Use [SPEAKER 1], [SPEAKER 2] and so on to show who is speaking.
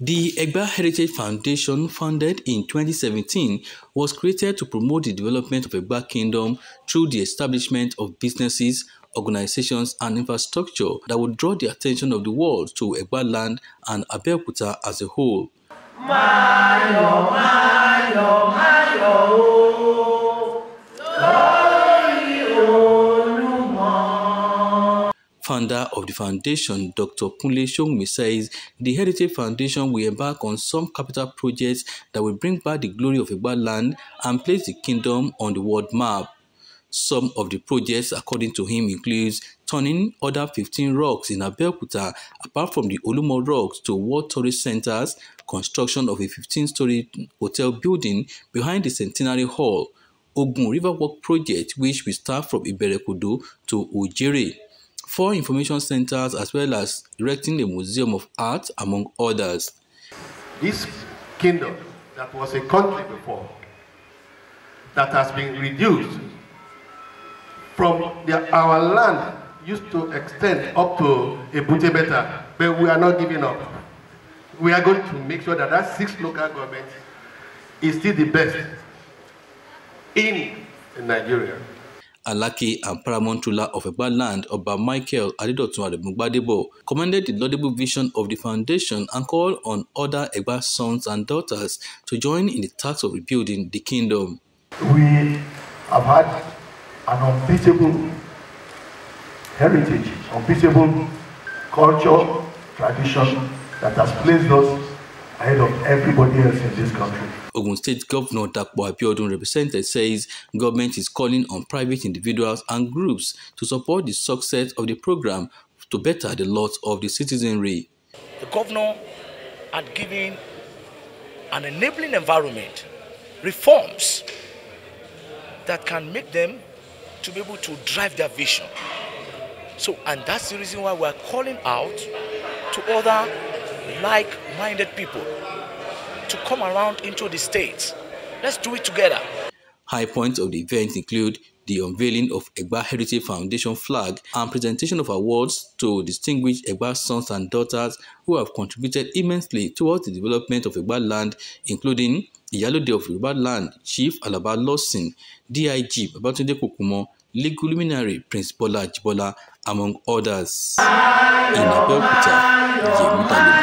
[SPEAKER 1] The Egba Heritage Foundation, founded in 2017, was created to promote the development of Egba Kingdom through the establishment of businesses, organizations, and infrastructure that would draw the attention of the world to Egba land and Abeokuta as a whole. Oh. founder of the foundation, Dr. Kunle Shongmi, says the Heritage Foundation will embark on some capital projects that will bring back the glory of Igba land and place the kingdom on the world map. Some of the projects, according to him, includes turning other 15 rocks in Abeokuta, apart from the Olumo rocks, to world tourist centres, construction of a 15 storey hotel building behind the Centenary Hall, Ogun River Walk project, which will start from Iberekudu to Ojere. four information centers as well as erecting a museum of art, among others. This
[SPEAKER 2] kingdom that was a country before, that has been reduced from the, our land used to extend up to Ebute Beta, but we are not giving up. We are going to make sure that that six local government is still the best in Nigeria.
[SPEAKER 1] Alaki and paramount ruler of Egba land, Oba Michael Adedotun Adegungbadebo, commended the laudable vision of the foundation and called on other Egba sons and daughters to join in the task of rebuilding the kingdom.
[SPEAKER 2] We have had an unbeatable heritage, unbeatable culture, tradition that has placed us ahead of everybody else in this country.
[SPEAKER 1] Ogun State Governor Dapo Abiodun represented says government is calling on private individuals and groups to support the success of the program to better the lot of the citizenry.
[SPEAKER 2] The governor had given an enabling environment, reforms that can make them to be able to drive their vision. So, and that's the reason why we're calling out to other like minded people to come around into the state. Let's do it together.
[SPEAKER 1] High points of the event include the unveiling of Egba Heritage Foundation flag and presentation of awards to distinguished Egba sons and daughters who have contributed immensely towards the development of Egba land, including Iyalode of Yoruba land, Chief Alaba Lawson, DIG Babatunde Kokumo, legal luminary Prince Bola Jibola, among others. In Abeokuta,
[SPEAKER 2] Yemi Talibu.